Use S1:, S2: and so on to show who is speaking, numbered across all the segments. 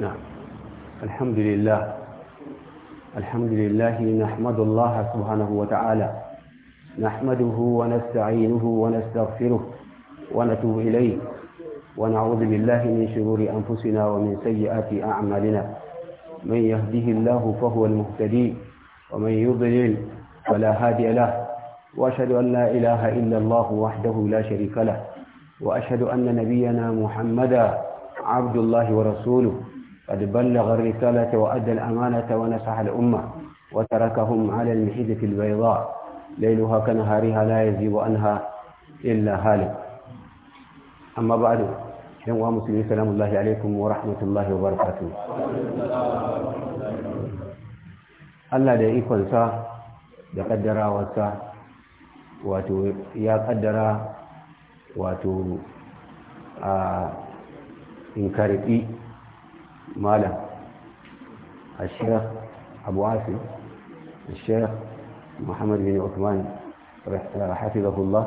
S1: نعم الحمد لله الحمد لله نحمد الله سبحانه وتعالى نحمده ونستعينه ونستغفره ونتوب إليه ونعوذ بالله من شرور أنفسنا ومن سيئات أعمالنا من يهده الله فهو المهتدي ومن يضلل فلا هادي له وأشهد أن لا إله إلا الله وحده لا شريك له وأشهد أن نبينا محمدا عبد الله ورسوله قد بلغ الرسالة وأدى الأمانة ونصح الأمة وتركهم على المحيد في البيضاء ليلها كنهارها لا يزيغ عنها إلا هالك أما بعد يوم مسلمين سلام الله عليكم ورحمة الله وبركاته Allah da ikonsa da kaddarawarsa wato ya kaddara wato a in karbi malam الشيخ أبو عاصم الشيخ bin بن عثمان حفظه الله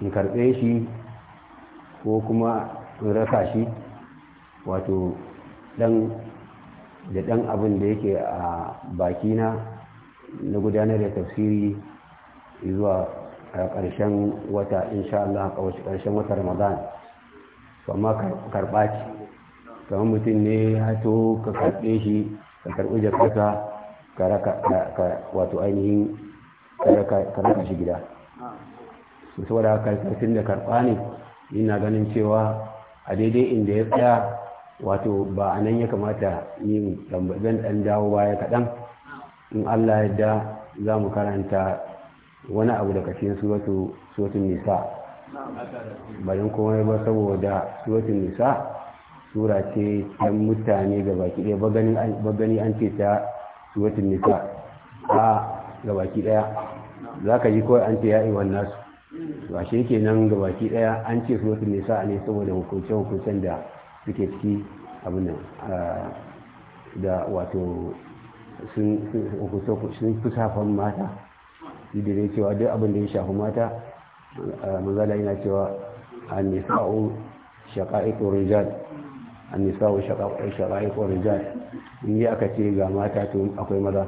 S1: in karɓe shi ko kuma in raka shi wato ɗan da ɗan abin da yake a bakina na gudanar da tafsiri zuwa ƙarshen wata insha Allah a ƙarshen wata ramadan amma karɓa ce kamar mutum ne ya to ka karɓe shi ka karɓi jakarta wato ainihin ka raka shi gida su saboda karkatun da karɓa ne ina ganin cewa a daidai inda ya tsaya wato ba a nan ya kamata yin zan ɗan dawo baya kaɗan in allah yadda za mu karanta wani abu da cikin suratun nisa
S2: bayan kuma ba saboda
S1: suratun nisa sura ce ta mutane ga baki ɗaya gani an ce ta suratun nisa a ga baki ɗaya za ka ji kawai an ce ya'i wannan su ba shi ke nan ga baki ɗaya an ce suratun nisa a ne saboda hukunce-hukuncen da suke ciki abin nan da wato sun fi safan mata da dai cewa duk abin da ya shafi mata mazala yana cewa a nisa'u shaƙa'iƙo rijal annisa wa shara'iq wa rijal in yi aka ce ga mata tun akwai maza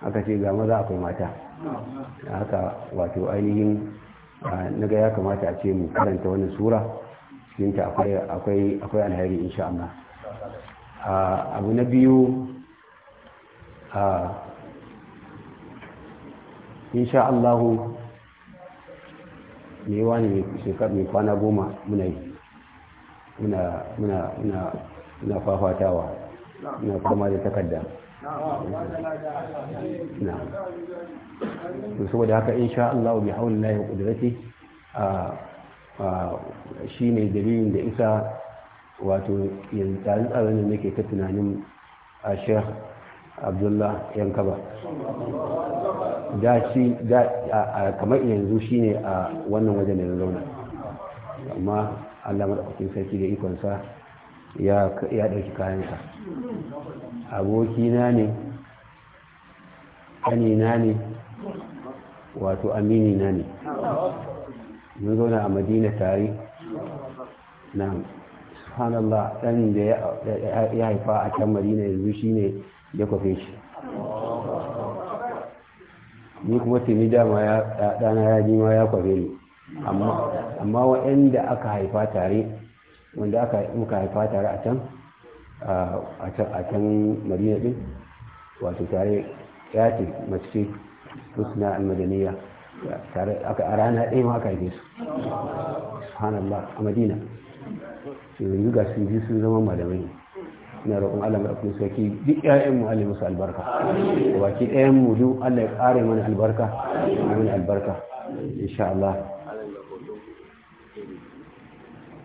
S1: aka ce ga maza akwai mata haka wato ainihin naga ya kamata a ce mu karanta wani sura ta akwai alheri insha Allah abu na biyu insha Allah ne wani mai kwana goma muna yi muna muna muna muna fafatawa na fama da takarda na
S2: saboda haka insha
S1: Allah bi lahi wa qudratihi a shi ne dalilin da isa wato yanzu tsarin-tsarin da nake ta tunanin a sheikh abdullah yankaba da shi kamar yanzu shi ne a wannan wajen da na zauna amma Allah maɗaukakin sarki da ikonsa ya ɗauki kayansa
S2: abokina
S1: ne ƙanina ne wato aminina ne mun zauna a madina tare na subhanallah ɗan da ya haifa a can madina yanzu shine ne ya kwafe shi ni kuma tuni dama ya ɗana ya ji ma ya kwafe ni amma waɗanda aka haifa tare wanda aka muka haifa tare a can a can madina din wato tare ya ce mace husna al-madaniya tare aka a rana ɗaya ma aka haife su subhanallah a madina yanzu ga sun ji sun zama malamai na roƙon Allah mai ɗaukun sarki duk ƴaƴan mu Allah musu albarka baki ɗayan mu duk Allah ya ƙare mana albarka mana albarka insha Allah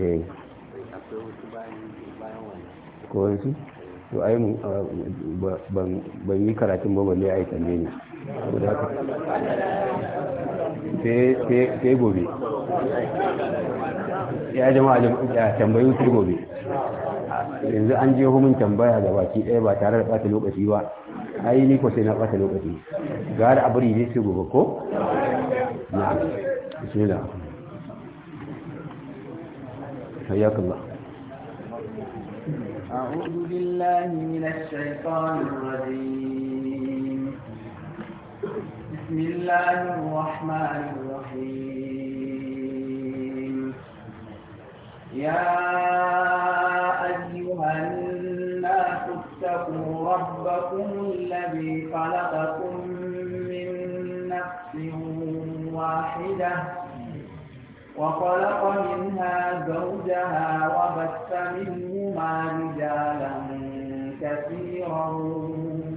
S1: eh ko wani to ai ban yi karatun ba balle yi tambaye ne saboda haka sai gobe
S2: ya jama'a ya tambayi sai gobe yanzu
S1: an je homin tambaya ga baki ɗaya ba tare da ɓata lokaci ba ai ni ko sai na ɓata lokaci gara abin yi sai gobe ko na bismillah
S2: حياك الله
S3: أعوذ بالله من الشيطان الرجيم بسم الله الرحمن الرحيم يا أيها الناس اتقوا ربكم الذي خلقكم من نفس واحده وخلق منها زوجها وبث منهما رجالا كثيرا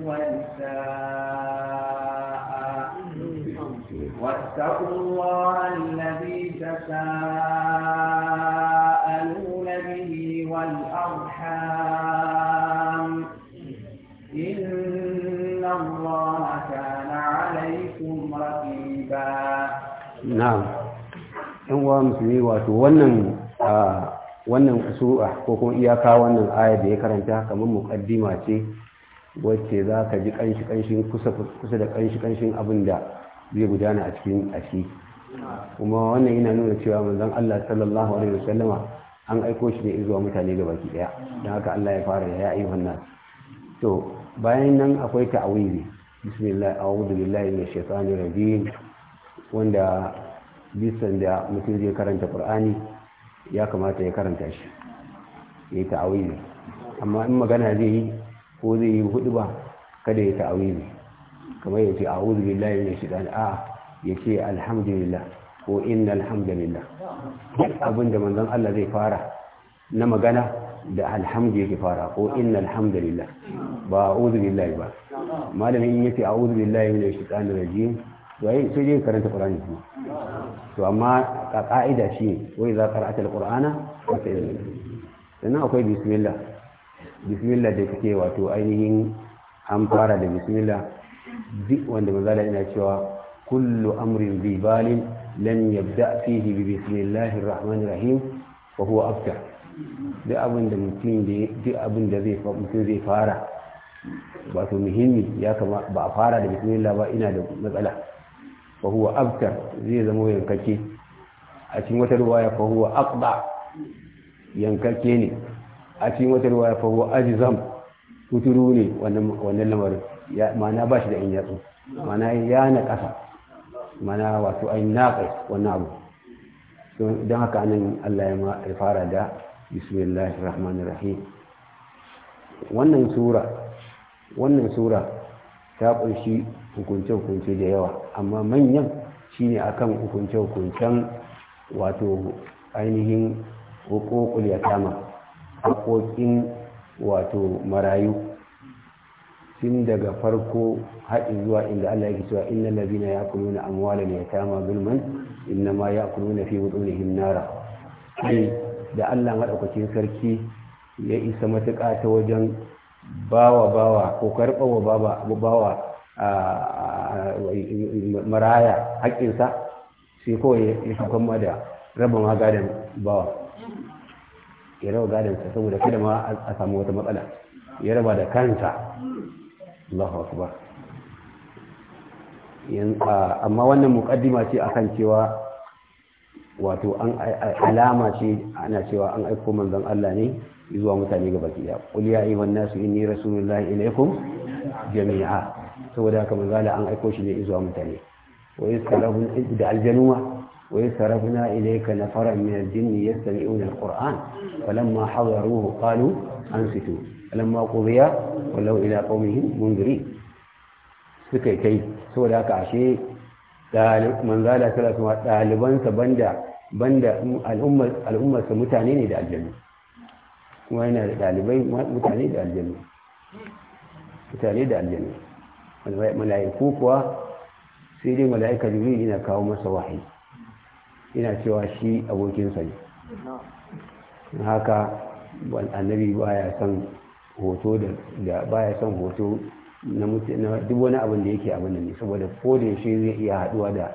S3: ونساء واتقوا الله الذي تساءلون به والأرحام إن الله كان عليكم رقيبا نعم
S1: yan uwa musulmi wato wannan wannan sura ko kuma iyaka wannan aya da ya karanta kamar muqaddima ce wacce za ka ji kanshi kanshin kusa da kanshi kanshin abin da zai gudana a cikin ashi kuma wannan yana nuna cewa manzon Allah sallallahu alaihi wasallama an aiko shi ne zuwa mutane ga baki daya don haka Allah ya fara ya yi wannan to bayan nan akwai ta'awizi bismillah a'udhu billahi minash shaitanir rajim wanda bisan da mutum zai karanta ƙur'ani ya kamata ya karanta shi ya yi ta'awili amma in magana zai yi ko zai yi hudu ba kada ya ta'awili kamar ya ce a wuzu billahi ne shi dan a ya ce alhamdulillah ko inna alhamdulillah duk abin da manzon Allah zai fara na magana da alhamdu yake fara ko inna alhamdulillah ba wuzu billahi ba malamin yace a'udhu billahi minash shaitanir rajim to ai sai dai karanta qur'ani to amma ka ka'ida shi ne wai za ka ra'ata alqur'ana wa ta'izmi sannan akwai bismillah bismillah da kake wato ainihin an fara da bismillah duk wanda maza da ina cewa kullu amrin bi balin lam yabda fihi bi bismillahir rahmanir rahim wa huwa abtar duk abin da mutum da duk abin da zai mutum zai fara wato muhimmi ya kama ba a fara da bismillah ba ina da matsala فهو huwa زي zai zama yankake a فهو أقضع ruwaya فهو yankake ne a cikin wata ruwaya fa ne wannan wannan lamarin ma'ana da in yatsu ma'ana ya na ƙasa الرحمن الرحيم wannan haka anan Allah ya fara da sura wannan sura ta ƙunshi hukunce-hukunce da yawa amma manyan shine akan hukunce-hukuncen wato ainihin hukukul kama haƙoƙin wato marayu tun daga farko haɗi zuwa inda Allah yake cewa ya kama gulman amwalal ma ya innama ya'kuluna fi hin nara sai da Allah maɗaukacin sarki ya isa matuƙa ta wajen bawa bawa ko karɓawa wa bawa maraya haƙƙinsa sai kawai ya shukan ma da raba ma gadon bawa ya raba gadonsa saboda kada ma a samu wata matsala ya raba da kansa Allahu akbar amma wannan mukaddima ce akan cewa wato an alama ce ana cewa an aiko manzan Allah ne zuwa mutane gabaki. ya da qul ya ayyuhan nasu inni rasulullahi ilaikum jami'a saboda haka manzo Allah an aiko shi ne zuwa mutane da aljanuma wa yasrafna ilayka nafaran min al yastami'una al falamma hadaruhu qalu ansitu falamma qudiya ila qaumihim munziri suka kai saboda haka ashe manzo Allah sallallahu alaihi banda banda mutane ne da aljanna kuma yana da dalibai mutane da mutane da mala'iku kuwa sai dai mala'ika jiri yana kawo masa wahayi yana cewa shi abokinsa ne haka annabi baya son hoto da baya son hoto na duk wani abin da yake abin da ne saboda koda shi zai iya haduwa da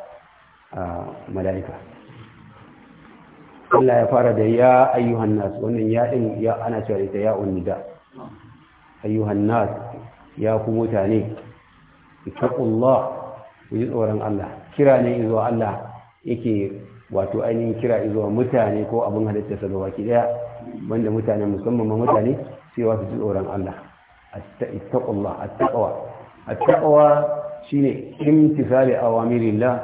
S1: mala'ika Allah ya fara da ya ayyuhan nas wannan ya din ana cewa ita ya unnida ayyuhan nas ya ku mutane ittaqullah ku tsoron Allah kira ne zuwa Allah yake wato ainihin kira zuwa mutane ko abin halitta sa gaba daya wanda mutane musamman ma mutane cewa su ji tsoron Allah ittaqullah attaqwa attaqwa shine imtisali awamirillah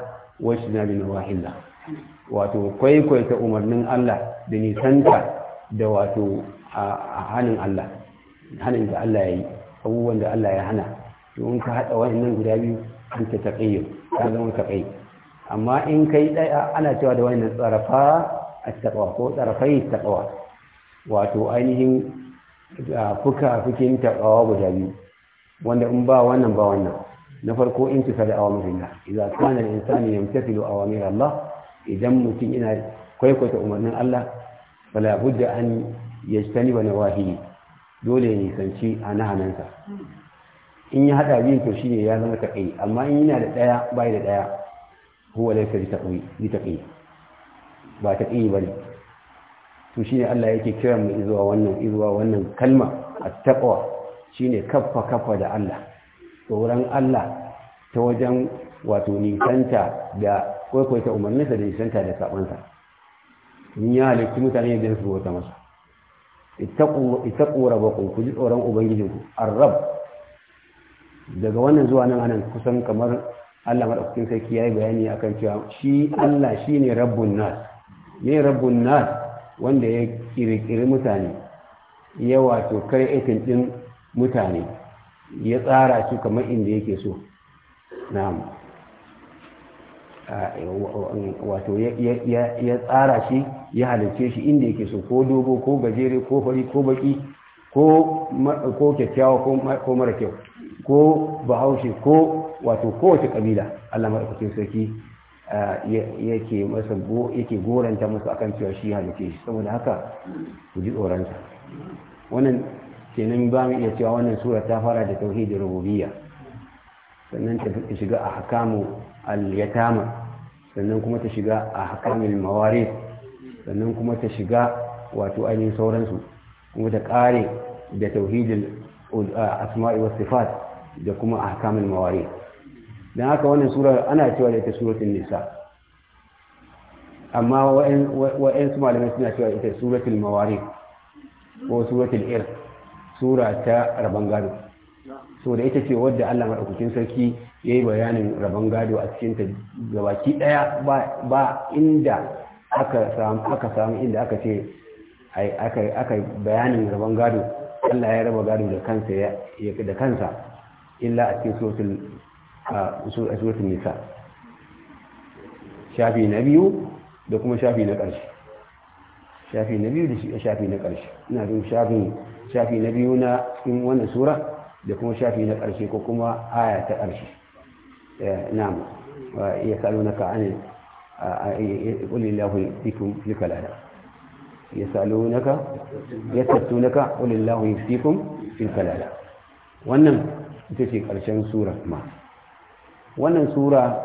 S1: wa shinabi nawahillah wato kwaikwaita umarnin Allah da nisanta da wato a hannun Allah hannun da Allah ya yi abubuwan da Allah ya hana domin ka haɗa nan guda biyu an ta taƙayyo ka zama taƙayyo amma in kai ɗaya ana cewa da wayannan tsarafa a taƙawa ko tsarafai taƙawa wato ainihin fuka fukin taƙawa guda biyu wanda in ba wannan ba wannan na farko in tuka da awamirillah idan kana insani yamtasilu Allah. idan mutum ina kwaikwata umarnin Allah fala budda an na nawahi dole ne sanci a nahanansa in ya hada biyu to shine ya zama taƙi amma in yana da ɗaya bai da ɗaya huwa laysa bi taƙi bi taƙi ba ne. bane to shine Allah yake kira mu zuwa wannan zuwa wannan kalma at-taqwa shine kaffa kaffa da Allah tsoron Allah ta wajen wato nisanta da kwaikwaita umarninsa da nisanta da sabansa in ya halittu mutane da su wata masa ita ƙura bakon ku tsoron ubangijinku arab daga wannan zuwa nan anan kusan kamar Allah madaukakin sarki yayi bayani akan cewa shi Allah shine rabbun nas ne rabbun nas wanda ya ƙirƙiri mutane ya wato kare din mutane ya tsara su kamar inda yake so na'am ah, wato ya tsara shi ya halarce shi inda yake so ko dogo ko gajere ko fari ko baki ko kyakkyawa ko mara kyau ko bahaushe ko wato kowace kabila Allah madaukakin sarki yake masa yake goranta musu akan cewa shi halice shi saboda haka ku ji tsoronsa wannan kenan ba mu iya cewa wannan sura ta fara da tauhidin rububiyya sannan ta shiga a hakamu al-yatama sannan kuma ta shiga a hakamul mawarid sannan kuma ta shiga wato ainihin sauransu kuma ta kare da tauhidin uh, asma'i was sifat da kuma ahkamul mawari dan haka wannan sura ana cewa da ita suratul nisa amma wa'in su malamai suna cewa ita suratul mawari ko suratul ir sura ta rabon gado so da ita ce wadda Allah madaukakin sarki yayi bayanin rabon gado a cikin ta gabaki daya ba inda aka samu aka samu inda aka ce aka bayanin rabon gado Allah ya raba gado da kansa da kansa illa a cikin suratul nisa shafi na biyu da kuma shafi na ƙarshe shafi na biyu da shafi na ƙarshe ina jin shafin shafi na biyu na cikin wannan sura da kuma shafi na ƙarshe ko kuma aya ta ƙarshe eh, na'am ya salo na ka'ani ƙulli lahu fikum fi kalada ya salo ka? ya tattu naka ƙulli lahu fikum fi kalada wannan ita ce ƙarshen sura ma wannan sura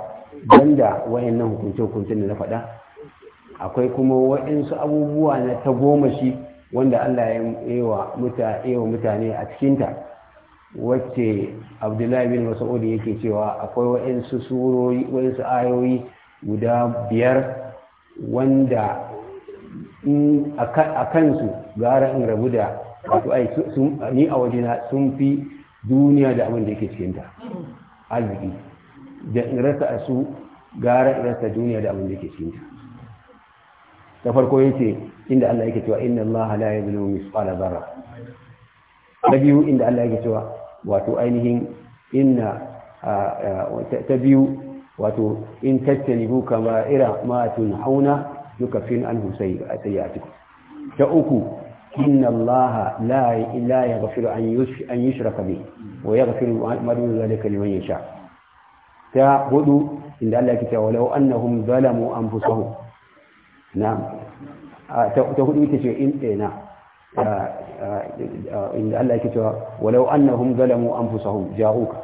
S1: banda wayannan hukunce-hukuncen da na faɗa akwai kuma waɗansu abubuwa na ta goma shi wanda Allah ya yi wa mutane a cikinta wacce abdullahi bin mas'ud yake cewa akwai waɗansu surori waɗansu ayoyi guda biyar wanda a kansu gara in rabu da wato ni a wajena sun fi duniya da abin da yake cikinta arziki da in rasa a su gara in rasa duniya da abin da yake cikinta ta farko yace inda Allah yake cewa inna Allah la yuzlimu misqala dharra ta biyu inda Allah yake cewa wato ainihin inna ta biyu wato in tattalibu kama ira ma tunhauna yukaffin anhu sayyi'atikum ta uku inna allaha la la yaghfiru an yush an yushraka bi wa yaghfiru ma dun zalika liman yasha ta hudu inda Allah yake cewa law annahum zalamu anfusahum na'am ta hudu yake cewa in tsena eh, inda Allah yake cewa walau annahum zalamu anfusahum ja'uka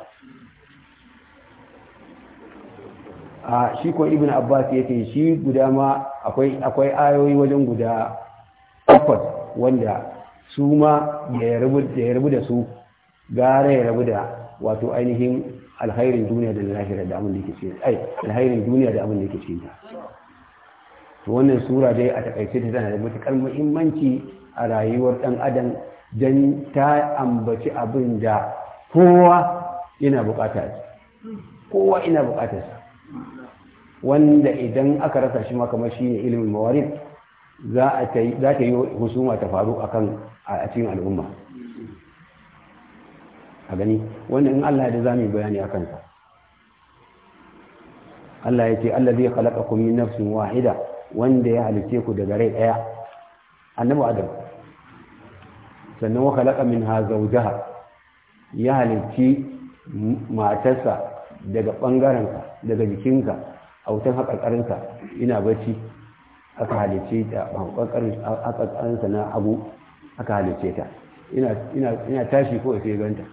S1: a shi ko ibn abbas yake shi guda ma akwai ayoyi wajen guda takwas wanda su ma da ya rabu da su gara ya rabu da wato ainihin alhairin duniya da lahira da abin da yake ce, ai alhairin duniya da abin da yake ce. to wannan sura dai a takaice ta tana da matukar muhimmanci a rayuwar dan adam dan ta ambaci abin da kowa yana bukata kowa ina shi wanda idan aka rasa shi ma kamar shi ne ilimin mawarid za ta yi husuma ta faru a cikin al'umma a gani wannan in Allah da za bayani a kansa Allah ya ce Allah zai halaka kun min nafsin wahida wanda ya halice ku daga rai daya annabi adam sannan wa halaka min ha zaujaha ya halice matarsa daga ɓangarenka daga jikinka a wutan haƙarƙarinka ina bacci aka halice ta ƙwaƙwaƙar akatsansa na abu aka halice ta ina tashi ko sai ganta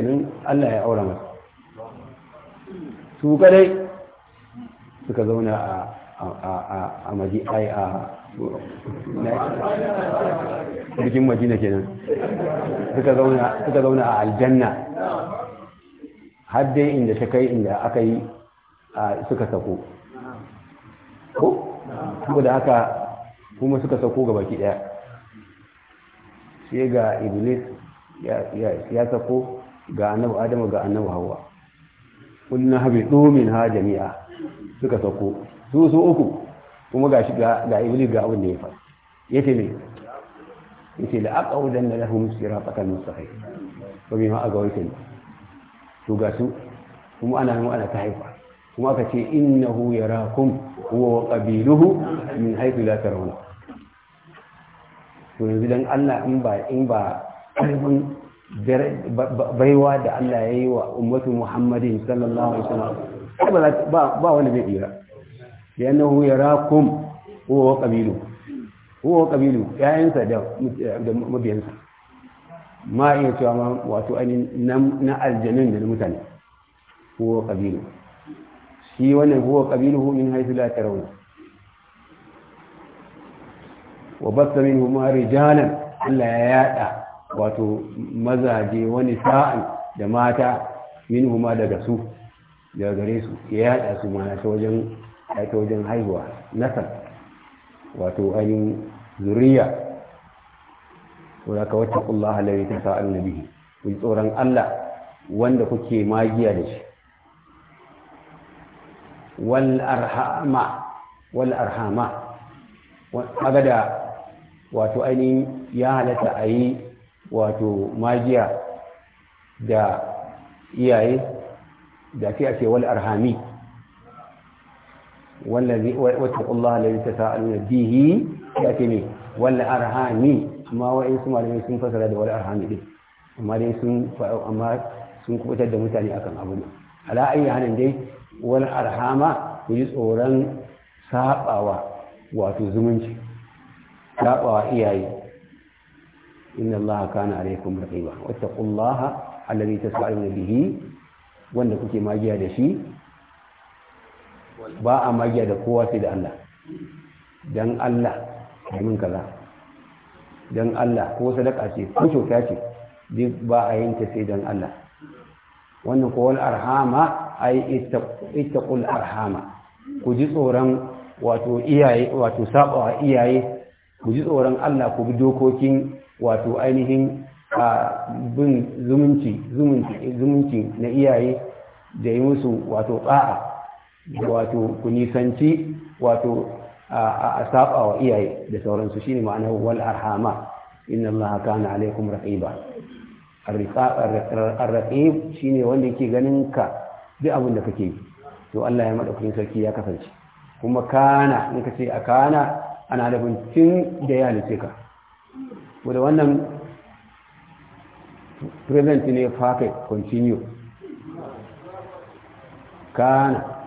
S1: nan Allah ya aure masa su kadai suka zauna a maji ai a bikin madina kenan suka zauna a aljanna har dai inda ta kai inda aka yi suka sako ko kuma da haka kuma suka sauko ga baki daya sai ga iblis ya sauko ga annabi adamu ga annabi hawa kullu habitu ha jami'a suka sauko su su uku kuma ga ga iblis ga abin da ya faru yace ne yace la aqudanna lahum siratal mustaqim wa bima agawaytin to ga su kuma ana ana ta haifa kuma aka ce innahu yarakum huwa wa qabiluhu min haythu la tarawna to yanzu dan Allah in ba in ba karfin baiwa da Allah ya yi wa ummatu Muhammadin sallallahu alaihi wasallam ba ba wanda zai dira yannahu yarakum huwa wa qabiluhu huwa wa qabiluhu yayansa da mabiyansa ma iya cewa ma wato ainihin na aljanun da mutane huwa wa qabiluhu shi wannan huwa qabiluhu min haythu la tarawun wa basta minhum rijalan Allah ya yada wato mazaje wani sa'an da mata minhuma daga su daga gare su ya yada su mana ta wajen ta wajen haihuwa nasar wato ainihin zuriya wala ka wata kullaha lari ta sa'an ku tsoron Allah wanda kuke magiya da shi wal arhama Magada, wato ainihin ya halatta a yi wato magiya da iyaye da sai a ce wal arhami wallazi wattaqullaha alladhi tasaaluna bihi ya ce ne wal amma wa'in su malamai sun fasara da wal arhami amma dai sun amma sun kubutar da mutane akan abu ne ala ayi hanin dai Wani arhama ku yi tsoron saɓawa wato zumunci saɓawa iyaye inna Allah kana alaikum raqiba wattaqullaha allazi tas'aluna bihi wanda kuke magiya da shi ba a magiya da kowa sai da Allah Allah domin kaza Allah ko sadaka ce ko kyauta ce duk ba a sai dan Allah wannan ko arhama ai ittaqul arhama ku ji tsoron wato iyaye wato sabawa iyaye ku ji tsoron Allah ku bi dokokin wato ainihin a bin zumunci zumunci na iyaye da yi musu wato ba'a wato ku nisanci wato a sabawa iyaye da sauransu shine ma'ana wal arhama inna allaha kana alaikum raqiba ar-raqib shine wanda yake ganin ka duk abin da kake yi to Allah ya madaukakin sarki ya kasance kuma kana in ka ce a kana ana da tun da ya halice ka wanda wannan present ne fake continue kana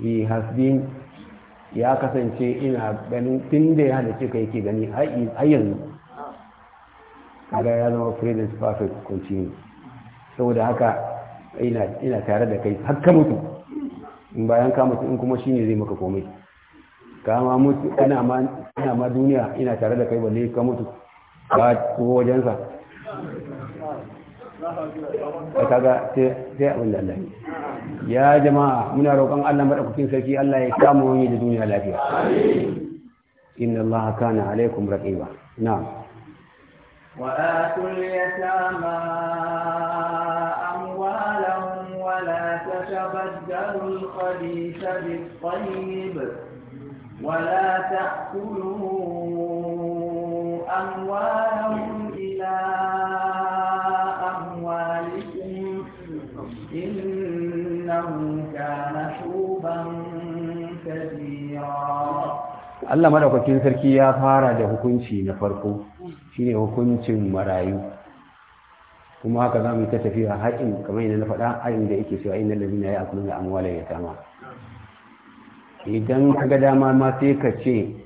S1: he has been ya kasance ina ganin tun da ya halice ka yake gani har yanzu kaga ya zama present perfect continue saboda haka ina tare da kai har ka mutu in bayan ka mutu in kuma ne zai maka komai ka ma mutu ina ma duniya ina tare da kai balle ka mutu ba tuwo wajensa a kaga sai abin da Allah ya jama'a muna roƙon Allah maɗaukakin sarki Allah ya kama wani da duniya lafiya inna Allah kana alaikum raqiba na'am
S3: وآتوا اليتامى تبدلوا الخبيث بالطيب ولا تأكلوا أموالهم إلى أموالكم إنه كان حوبا كبيرا
S1: Allah madaukakin sarki ya fara da hukunci na farko shine hukuncin marayu kuma haka za mu ta tafiya haƙin kamar yadda na faɗa ayin da yake cewa inda zina ya akulun da amwala ya tama idan ka ga dama ma sai ka ce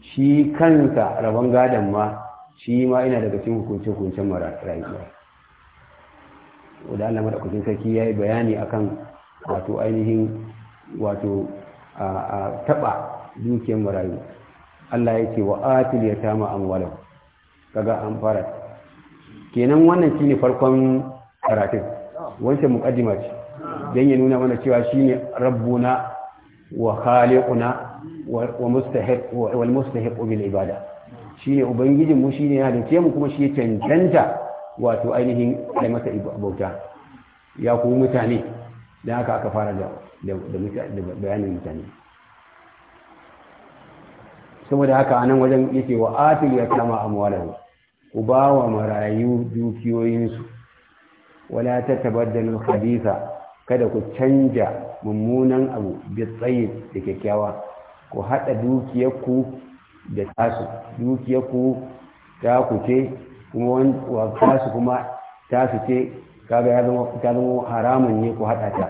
S1: shi kansa rabon gadon ma shi ma ina daga cikin hukuncin hukuncin mara rayuwa wadda Allah madaukakin sarki ya yi bayani akan wato ainihin wato a taɓa dukiyar marayu Allah ya ce wa atil ya tama amwalau kaga an fara kenan wannan shine farkon karatun wancan muqaddima ce dan ya nuna mana cewa shine rabbuna wa khaliquna wa mustahiq wal bil ibada shine ubangijin mu shine ya da mu kuma shi ya cancanta wato ainihin ai masa bauta ya ku mutane dan haka aka fara da bayanin mutane saboda haka anan wajen yake wa atil ya kama amwalahu ku ba wa marayu dukiyoyinsu wala ta tabaddalin hadisa kada ku canja mummunan abu bi tsayi da kyakkyawa ku haɗa dukiyarku da tasu dukiyarku ta ku ce kuma wa tasu kuma tasu ce kaga ya zama haramun ne ku haɗa ta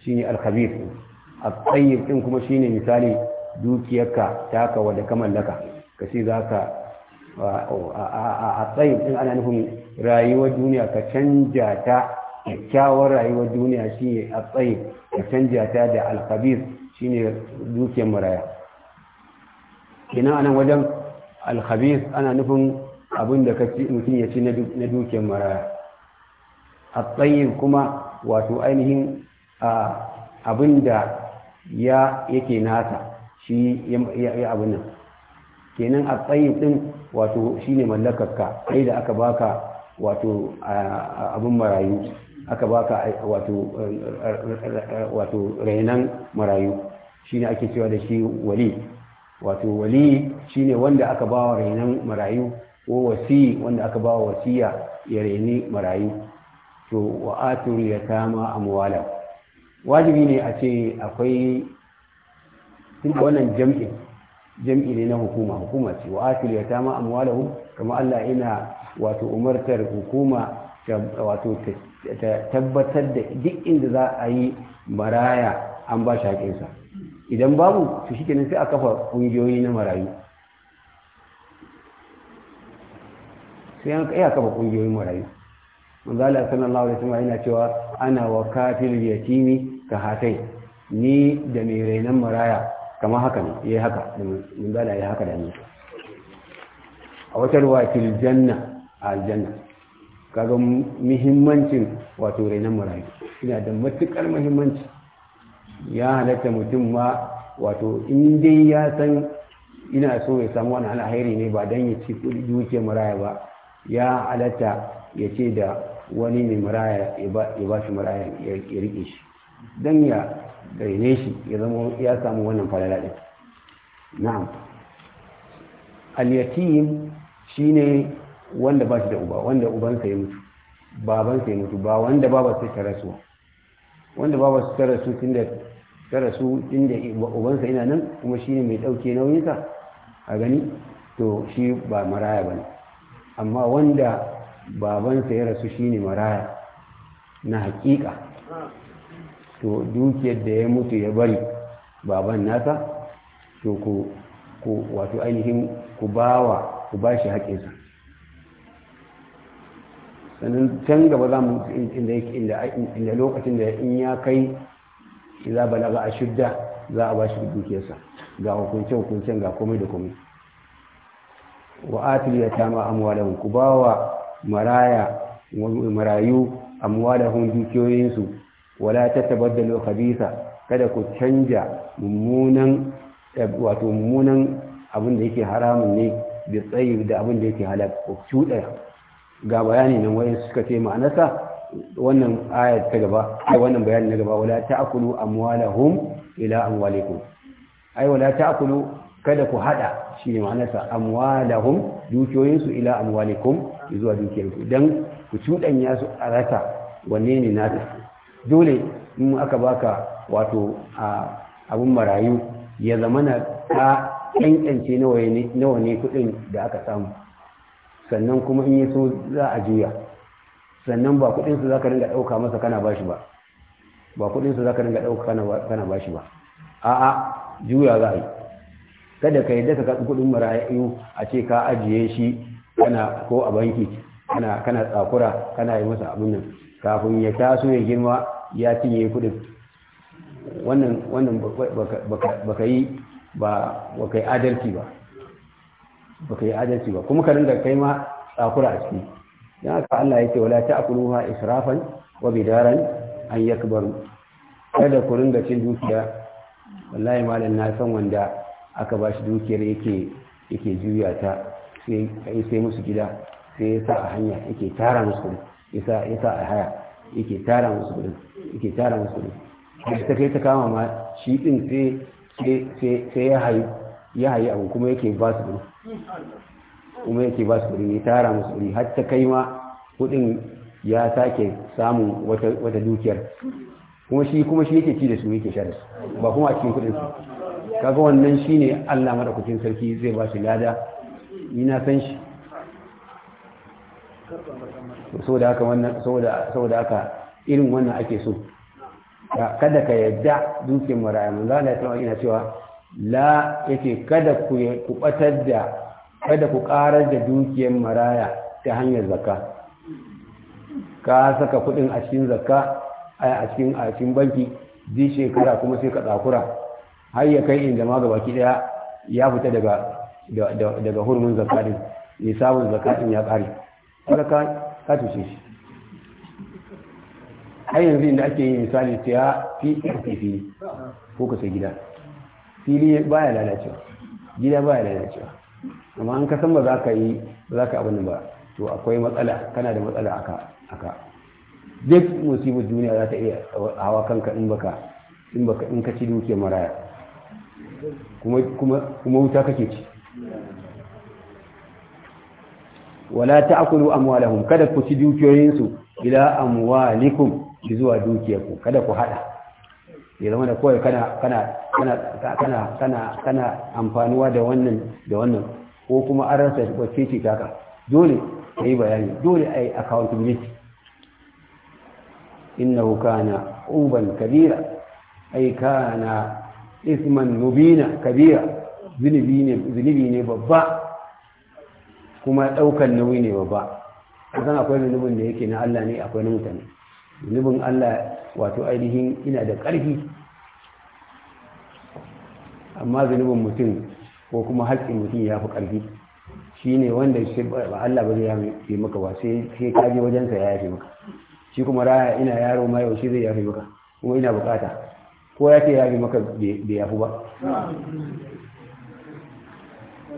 S1: shine alkhabith a tsayi din kuma shine misali dukiyarka taka wadda ka mallaka za zaka a tsayin ɗin ana nufin rayuwar duniya ka canja ta kyakkyawar rayuwar duniya shi ne a tsayin ka canja ta da alkhabir shi ne dukiyar maraya ina anan wajen alkhabir ana nufin abin da ka mutum ya ci na dukiyar maraya a tsayin kuma wato ainihin abin da ya yake nasa shi ya abin nan kenan a tsayin ɗin wato shine mallakarka kai da aka baka wato abin marayu aka baka wato rainan marayu shine ake cewa da shi wali wato wali shine wanda aka bawa rainan marayu ko wasi wanda aka bawa wasiya ya raini marayu to wa atul yatama amwala wajibi ne a ce akwai wannan jam'in jam'i ne na hukuma hukuma ce wa ya tama amwalahum kama Allah ina wato umartar hukuma wato ta tabbatar da duk inda za a yi maraya an ba shi idan babu su shi sai a kafa ƙungiyoyi na marayu sai an kai a kafa ƙungiyoyin marayu manzala sallallahu alaihi wasallam yana cewa ana wa kafil yatimi ka hatai ni da mai rainan maraya kama haka ne yayi haka min zala yayi haka da ni a wata ruwa fil janna aljanna kaga muhimmancin wato rainan marayu ina da matukar muhimmanci ya halatta mutum ma wato in dai ya san ina so ya samu wani alhairi ne ba dan ya ci duke maraya ba ya halatta ya ce da wani mai maraya ya ba shi maraya ya rike shi dan ya raine shi ya zama ya samu wannan falala ɗin na'am al-yatim shine wanda ba shi da uba wanda ubansa ya mutu babansa ya mutu ba wanda babarsa ta rasu wanda babarsa ta rasu tunda ta rasu tunda ubansa yana nan kuma shine mai dauke nauyinsa a gani to shi ba maraya bane amma wanda babansa ya rasu shine maraya na hakika to dukiyar da ya mutu ya bari baban nasa to ku ku wato ainihin ku bawa ku bashi haƙinsa sannan can gaba za mu inda lokacin da in ya kai za balaga a shidda za a bashi dukiyarsa ga hukunce hukuncen ga komai da komai wa atil ya tama amwalahum ku bawa maraya marayu amwalahum dukiyoyinsu wala tatabaddalu khabitha kada ku canja mummunan wato mummunan abin da yake haramun ne bi tsayi da abin da yake halal ku cuɗa ga bayani nan wayan suka ce ma'anarsa wannan aya ta gaba ai wannan bayani na gaba wala ta'kulu amwalahum ila amwalikum ai wala ta'kulu kada ku hada shine ma'anarsa amwalahum dukiyoyinsu ila amwalikum zuwa dukiyarku dan ku cuɗanya su a rasa wanne ne nata dole in aka baka wato a abin marayu ya zama na ta ƙanƙance nawa ne kuɗin da aka samu sannan kuma in yi so za a juya sannan ba kuɗinsu za ka ringa ɗauka masa kana ba shi ba ba kuɗinsu za ka ringa ɗauka kana ba shi ba a'a juya za a yi kada ka yi daga kaɗin kuɗin marayu a ce ka ajiye shi kana ko a banki kana tsakura kana yi masa abin nan kafin ya taso ya girma ya cinye kudin wannan wannan baka yi ba baka yi adalci ba baka yi adalci ba kuma ka ringa kai ma tsakura a ciki dan haka Allah yake wala ta'kuluha israfan wa bidaran an yakbaru kada ku ringa cin dukiya wallahi malan na san wanda aka ba shi dukiyar yake yake juya ta sai sai musu gida sai ya sa a hanya yake tara musu ya sa a haya yake tara musu kudin yake tara musu kudin da ta kai ta kama ma shi din sai sai ya hayi ya hayi abu kuma yake ba su kudin kuma yake ba su kudin ya tara musu kudin har ta kai ma kudin ya sake samun wata wata dukiyar kuma shi kuma shi yake ci da su yake sha da su ba kuma a cikin kudin su kaga wannan shine Allah madaukakin sarki zai ba shi lada ni na san shi
S2: saboda haka wannan saboda haka
S1: irin wannan ake so kada ka yadda dukiyar maraya mun Allah ya tsara ina cewa la yake kada ku ku batar da kada ku karar da dukiyar maraya ta hanyar zakka ka saka kudin a cikin zakka a cikin a cikin banki di shekara kuma sai ka tsakura har ya kai inda ma gaba daya ya fita daga daga hurumin zakka din sabon zakka din ya kare ka tushe shi har yanzu inda ake yi misali ta ya fi ƙarfi fili ko kusa gida fili ya lalacewa gida ba ya lalacewa amma an kasan ba za ka yi ba za ka abin ba to akwai matsala kana da matsala aka aka duk musibin duniya za ta iya hawa kanka in baka in baka in ka ci dukiyar maraya kuma kuma kuma wuta kake ci wala a amwalahum kada ku ci dukiyoyinsu ila amwalikum zuwa dukiyarku kada ku hada ya zama da kawai kana kana kana kana kana kana amfanuwa da wannan da wannan ko kuma an rasa wacce ce taka dole yi bayani dole ai accountability innahu kana uban kabira ai kana isman mubina kabira zunubi ne babba kuma ɗaukan nauyi ne babba kusan akwai zunubin da yake na Allah ne akwai na mutane zunubin Allah wato ainihin ina da ƙarfi amma zunubin mutum ko kuma haƙƙin mutum ya fi ƙarfi shi ne wanda ba Allah ba zai ya fi maka ba sai kaje wajensa ya yafe maka shi kuma raya ina yaro ma yaushe zai yafe maka kuma ina bukata ko ya ce ya yafe maka bai ya fi ba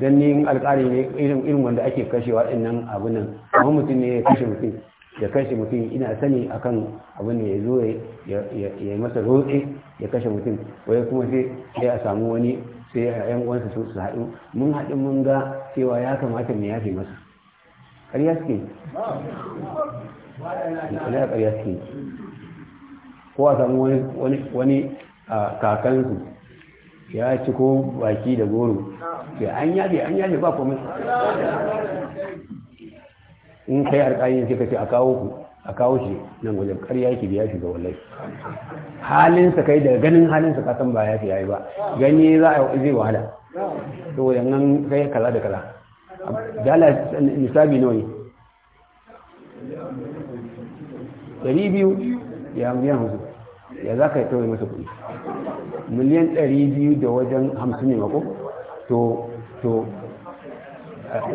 S1: dan ni alƙali ne irin wanda ake kashewa dinnan abin nan amma mutum ne ya kashe mutum ya kashe mutum ina sani akan abin da ya zo ya yi masa roƙi ya kashe mutum wai kuma sai a samu wani sai a yan uwansa su su haɗu mun haɗu mun ga cewa ya kamata mu yafe masa ƙarya suke
S2: ƙarya suke
S1: ko a samu wani kakansu ya ci ko baki da goro ya an yaje an yaje ba komai in kai alƙayin sai kace a kawo ku a kawo shi nan wajen ƙarya yake da shi ga wallahi halinsa kai daga ganin halinsa ka san ba ya fi yayi ba gani za a zai wahala to nan kai kala da kala. dala misabi noyi dari biyu ya hamsin ya za ka yi tawai masa kuɗi miliyan ɗari biyu da wajen hamsin ne mako to to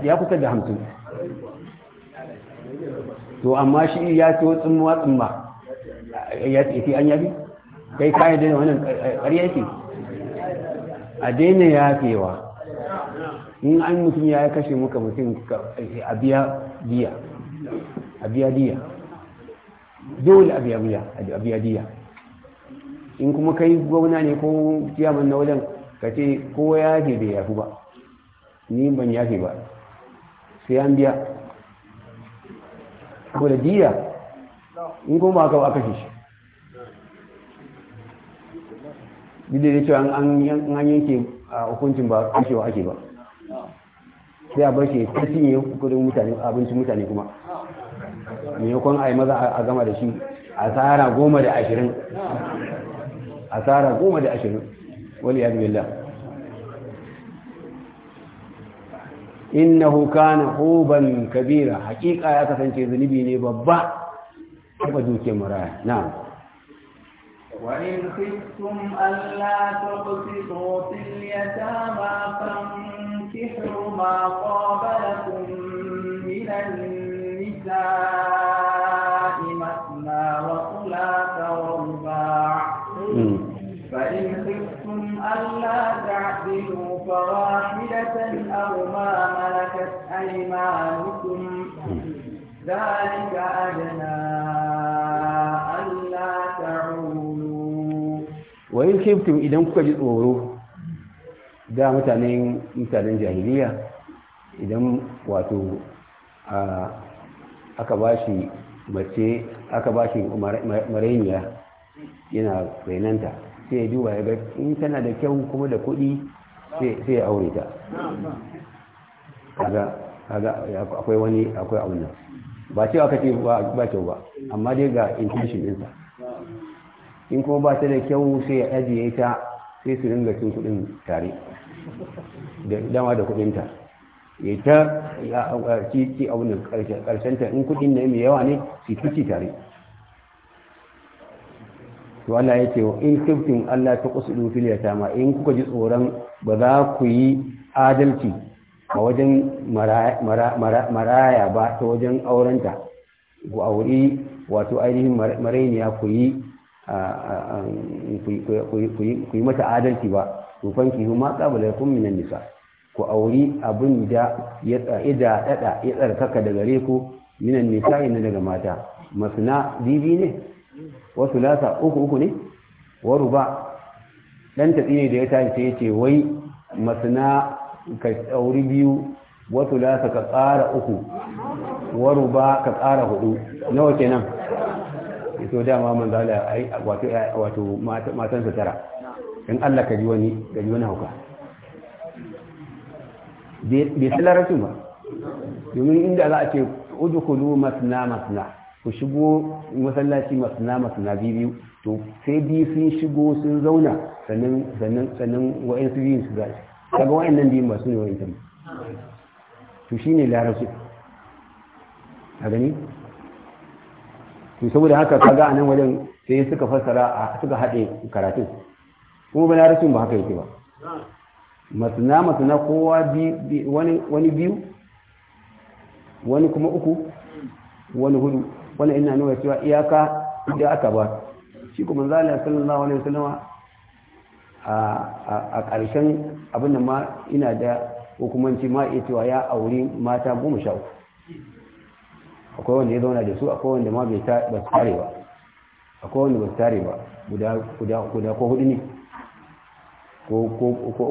S1: ya kusa da hamsin
S2: to amma shi ya wasu tsumma ba
S1: ya ce an yafi kai kayan daina wannan ƙarya yake
S2: a daina yafewa
S1: in an mutum ya kashe muka mutum a biya biya a biya biya dole a biya biya in kuma kai gwamna ne ko ciyaman na wajen ka ce kowa ya yafe bai yafi ba ni ban yafi ba sai an biya ko da jiya in kuma ba kawo aka kashe
S2: shi
S1: duk da cewa an yanke a hukuncin ba kashewa ake ba sai a bashi ta cinye kudin mutane abincin mutane kuma maimakon a yi maza a gama da shi a tsara goma da ashirin asara goma da ashirin wani yadda innahu kana huban kabira hakika ya kasance zunubi ne babba ba duke maraya na'am
S3: وإن خفتم ألا تقسطوا في اليتامى فانكحوا ما طاب لكم من فواحدة أو ما ملكت أيمانكم ذلك أدنى ألا تعولوا
S1: وإن كنتم إذا كنت tsoro da mutanen mutanen jahiliya idan wato aka ba shi mace aka ba shi marainiya yana rainanta sai ya duba ya ga in tana da kyau kuma da kuɗi sai ya aure ta kaga akwai wani akwai abin nan ba cewa aka ce ba kyau ba amma dai ga intention ɗinsa in kuma ba ta da kyau sai ya ajiye ta sai su dinga cin kuɗin tare da dama da kuɗinta ya ta ci abin da ƙarshenta in kuɗin na mai yawa ne su ci tare to Allah ya ce in kiftin Allah ta kusudu fil yatama in kuka ji tsoron ba za ku yi adalci a wajen maraya ba ta wajen aurenta ku auri wato ainihin marainiya ku yi ku yi mata adalci ba ku fanki ma qabala kun minan nisa ku auri abin da ya tsada ya tsarkaka daga gare ku minan nisa ina daga mata masna bibi ne wa sulasa uku uku ne wa ruba dan tafi ne da ya tashi ya ce wai masna ka tsauri biyu wa sulasa ka tsara uku wa ruba ka tsara hudu nawa kenan to dama manzo Allah ai wato wato matan sa tara in Allah ka ji wani ga ji wani hauka bai salaratu ba domin inda za a ce udkhulu masna masna ku shigo masallaci masu na biyu to sai biyu sun shigo sun zauna sannan sannan sannan su biyun su zaci kaga nan biyun masu ne wa'ansu ne to ne larabci a gani to saboda haka kaga a nan wajen sai suka fassara suka haɗe karatun kuma ba larabcin ba haka yake ba masu na kowa wani biyu wani kuma uku wani hudu wannan ina nuna cewa iyaka da aka ba shi kuma zalala sallallahu alaihi wasallam a karshen abin da ma ina da hukumanci ma iya cewa ya auri mata goma sha uku akwai wanda ya zauna da su akwai wanda ma bai tare ba akwai wanda bai tare ba guda ko hudu ne ko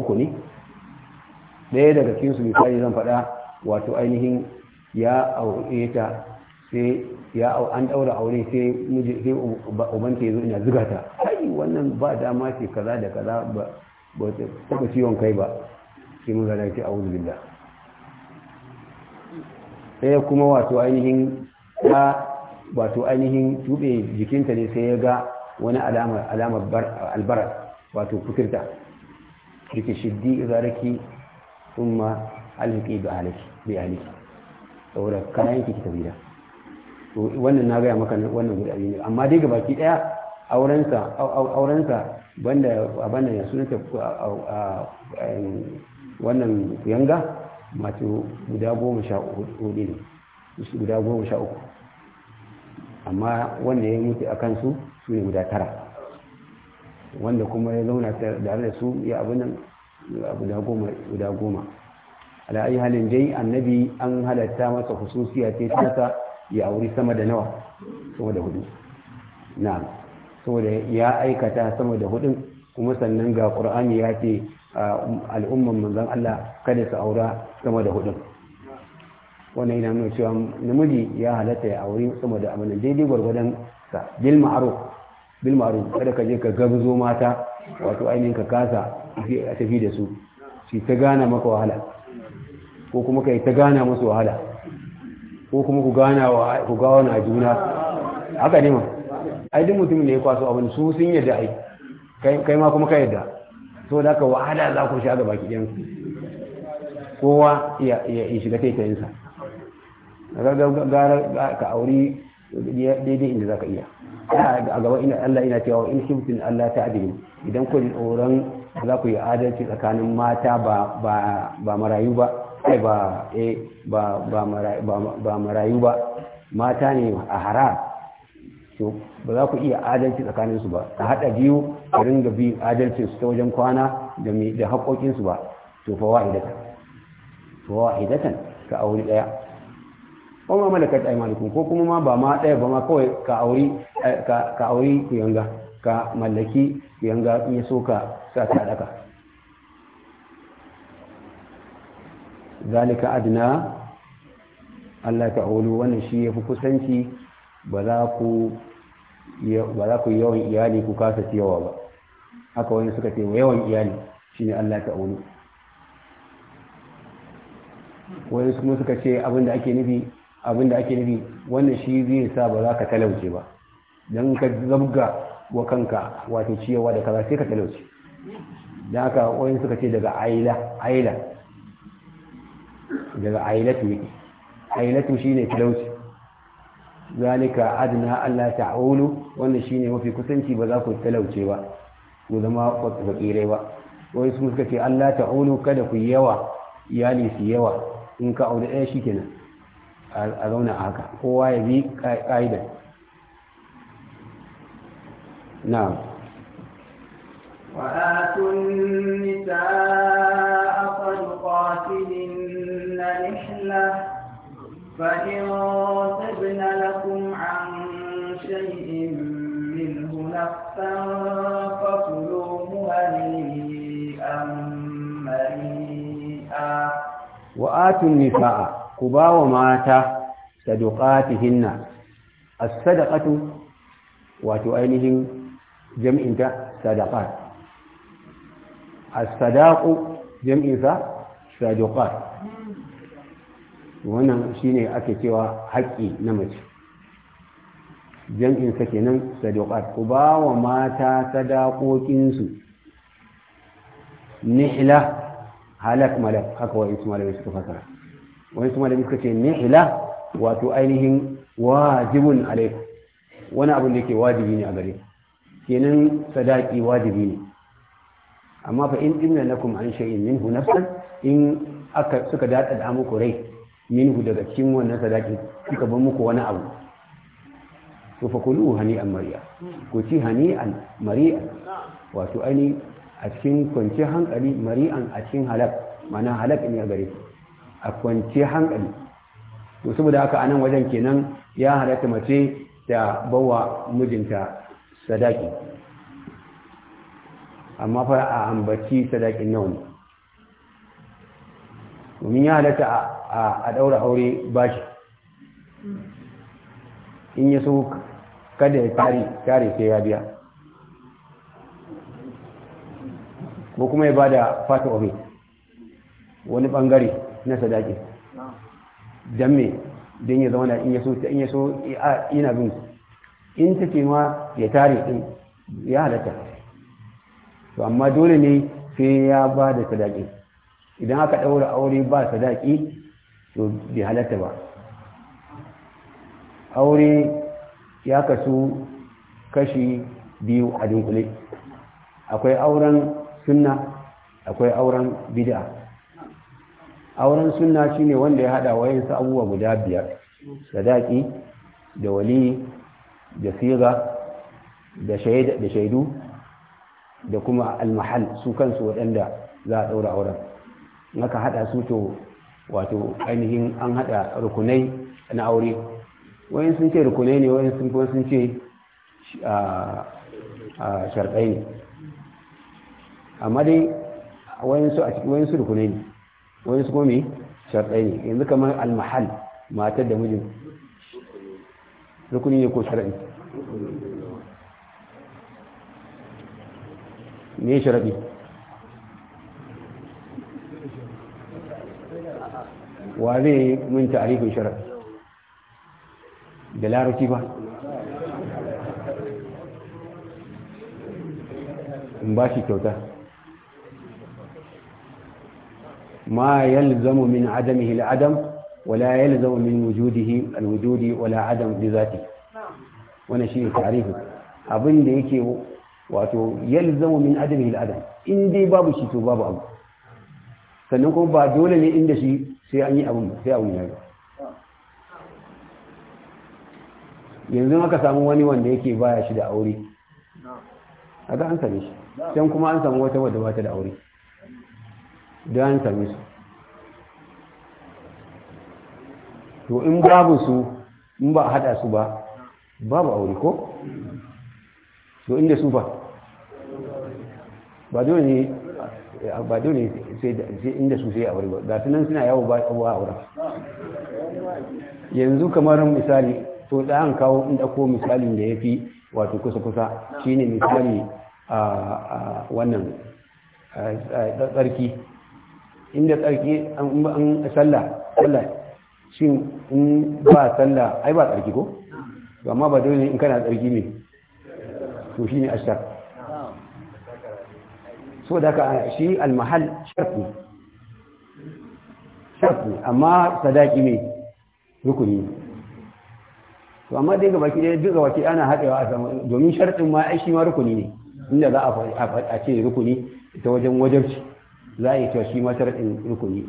S1: uku ne ɗaya daga cikin su misali zan faɗa wato ainihin ya aure ta sai ya an daura aure sai muje sai ubanta yazo ina zuga ta ai wannan ba dama ce kaza da kaza ba ba ta ciwon kai ba sai mun zana shi a'udhu billah sai kuma wato ainihin ta wato ainihin tube jikinta ne sai ya ga wani alama alama albarar wato kuturta kike shiddi zaraki thumma alhiqi bi ahliki bi ahliki saboda kayan ki tafi gida wannan na gaya maka wannan guda biyu ne amma dai ga baki daya aurensa aurensa banda abanda ya sunanta wannan yanga masu guda goma sha hudu ne guda goma sha uku amma wanda ya mutu a kansu su ne guda tara wanda kuma ya zauna tare da su ya abinan guda goma guda goma ala ayi halin dai annabi an halatta masa hususiya ce ta ya auri sama da nawa sama da hudu na'am saboda ya aikata sama da hudun kuma sannan ga qur'ani ya ce al'umman manzon Allah kada su aura sama da hudun wannan yana nuna cewa namiji ya halatta ya auri sama da abin daidai gwargwadon sa bil ma'ruf bil ma'ruf kada ka je ka gabzo mata wato ainihin ka kasa a tafi da su shi ta gana maka wahala ko kuma kai ta gana musu wahala ko kuma ku gana wa ku gawana a juna haka ne ma ai duk mutum ne ya kwaso abin su sun yadda ai kai ma kuma ka yadda so da ka wahala za ku sha gaba kiɗin kowa ya shiga ga gara ka auri daidai inda za ka iya a gaba ina Allah ina cewa in shimfin Allah ta adini idan kun tsoron za ku yi adalci tsakanin mata ba marayu ba ai ba eh ba ba ba marayu ba mata ne a haram to ba za ku iya adalci tsakanin su ba ka hada biyu ka ringa bi adalci su ta wajen kwana da mai da haƙoƙin su ba to fa wahidatan fa wahidatan ka auri daya ko ma malakat aymanukum ko kuma ma ba ma daya ba ma kawai ka auri eh, ka auri ku yanga ka mallaki ku yanga in so ka sa ta daka zalika adna Allah ta'ulu wannan shi yafi kusanci ba za ku ba yawan iyali ku kasa ciyawa ba haka wani suka ce yawan iyali shine Allah ta'ulu wani kuma suka ce abinda ake nufi abinda ake nufi wannan shi zai sa ba za ka talauce ba don ka zabga wa kanka wato ciyawa da kaza sai ka talauce don haka wani suka ce daga aila aila daga ailatu yake ailatu shine talauci zalika adna Allah ta'ulu wannan shine mafi kusanci ba za ku talauce ba ku zama fakirai ba wai su suka ce Allah ta'ulu kada ku yawa iyali su yawa in ka aure ɗaya shi kenan a zauna a haka kowa ya bi ƙa'idar na'am
S3: وآتوا النساء الله فإن طبن لكم عن شيء منه نفسا فكلوه هنيئا مريئا
S1: وآتوا النساء كبا وماتا صدقاتهن الصدقة وتؤينهم جمع صدقات الصداق جمع صدقات wannan shine ake cewa haƙƙi na mace jam'in sa kenan sadaukar. ku ba wa mata sadakokinsu. su halak malak haka wa isu malabi suka fasara wa isu malabi suka ce nihla wato ainihin wajibun alaik wani abin da yake wajibi ne a gare kenan sadaki wajibi ne amma fa in dimna lakum an shay'in minhu nafsan in aka suka daɗa da muku rai minhu daga cikin wannan sadaki kika bar muku wani abu to fa kulu an mari'a ku ci an mari'a wato ani a cikin kwanci hankali mari'an a cikin halak mana halak ne a gare ku a kwanci hankali to saboda haka anan wajen kenan ya halatta mace ta bawa mijinta sadaki amma fa a ambaci sadakin nawa ne domin ya halatta a ɗaura aure ba shi. in ya so kada ya kare sai ya biya ko kuma ya bada fata ome wani bangare na sadaki don me don ya zauna in ya so in ya so ina bin in ta ce ma ya tare din ya halatta to amma dole ne sai ya bada sadaki idan aka ɗaura aure ba sadaki to bi halatta ba aure ya kasu kashi biyu a dunkule akwai auren sunna akwai auren bid'a auren sunna shine wanda ya hada wayansu abubuwa guda biyar sadaki da wali da siga da shaidu da kuma almahal su kansu waɗanda za a ɗaura auren naka hada su to wato ainihin an hada rukunai na aure wayan sun ce rukunai ne wayan sun sun ce sharɗai ne amma dai wayan su a cikin wayan su rukunai ne wayan su kuma sharɗai ne yanzu kamar almahal matar da mijin rukuni ne ko sharɗi ne sharɗi wa zai min ta'arifin sharaf da larabci ba
S2: in ba shi kyauta
S1: ma yalzamu min adamihi al'adam wala yalzamu min wujudihi alwujudi wala adam bi zati wannan shi ne ta'arifin abin da yake wato yalzamu min adamihi al'adam in dai babu shi to babu abu sannan kuma ba dole ne inda shi sai an yi abin sai abin ya yanzu aka samu wani wanda yake baya shi da aure a ga an same shi can kuma an samu wata wadda ta da aure don an same su to in babu su in ba a hada su ba babu aure ko to inda su ba ba dole ne ba dole sai inda su sai a aure ba gasu su nan suna yawo ba a aure
S2: yanzu kamar misali to da an kawo inda ko misalin da ya fi
S1: wato kusa-kusa shine misali a wannan tsarki inda tsarki an sallah sallah shi in ba sallah ai ba tsarki ko amma ba dole in kana tsarki ne to shi a ashar so da ka shi almahal sharfi sharfi amma sadaki ne rukuni to amma dai ga baki dai duk ga baki ana haɗewa a sama domin sharɗin ma ai shi ma rukuni ne inda za a ce rukuni ta wajen wajabci za a yi ta shi ma sharɗin rukuni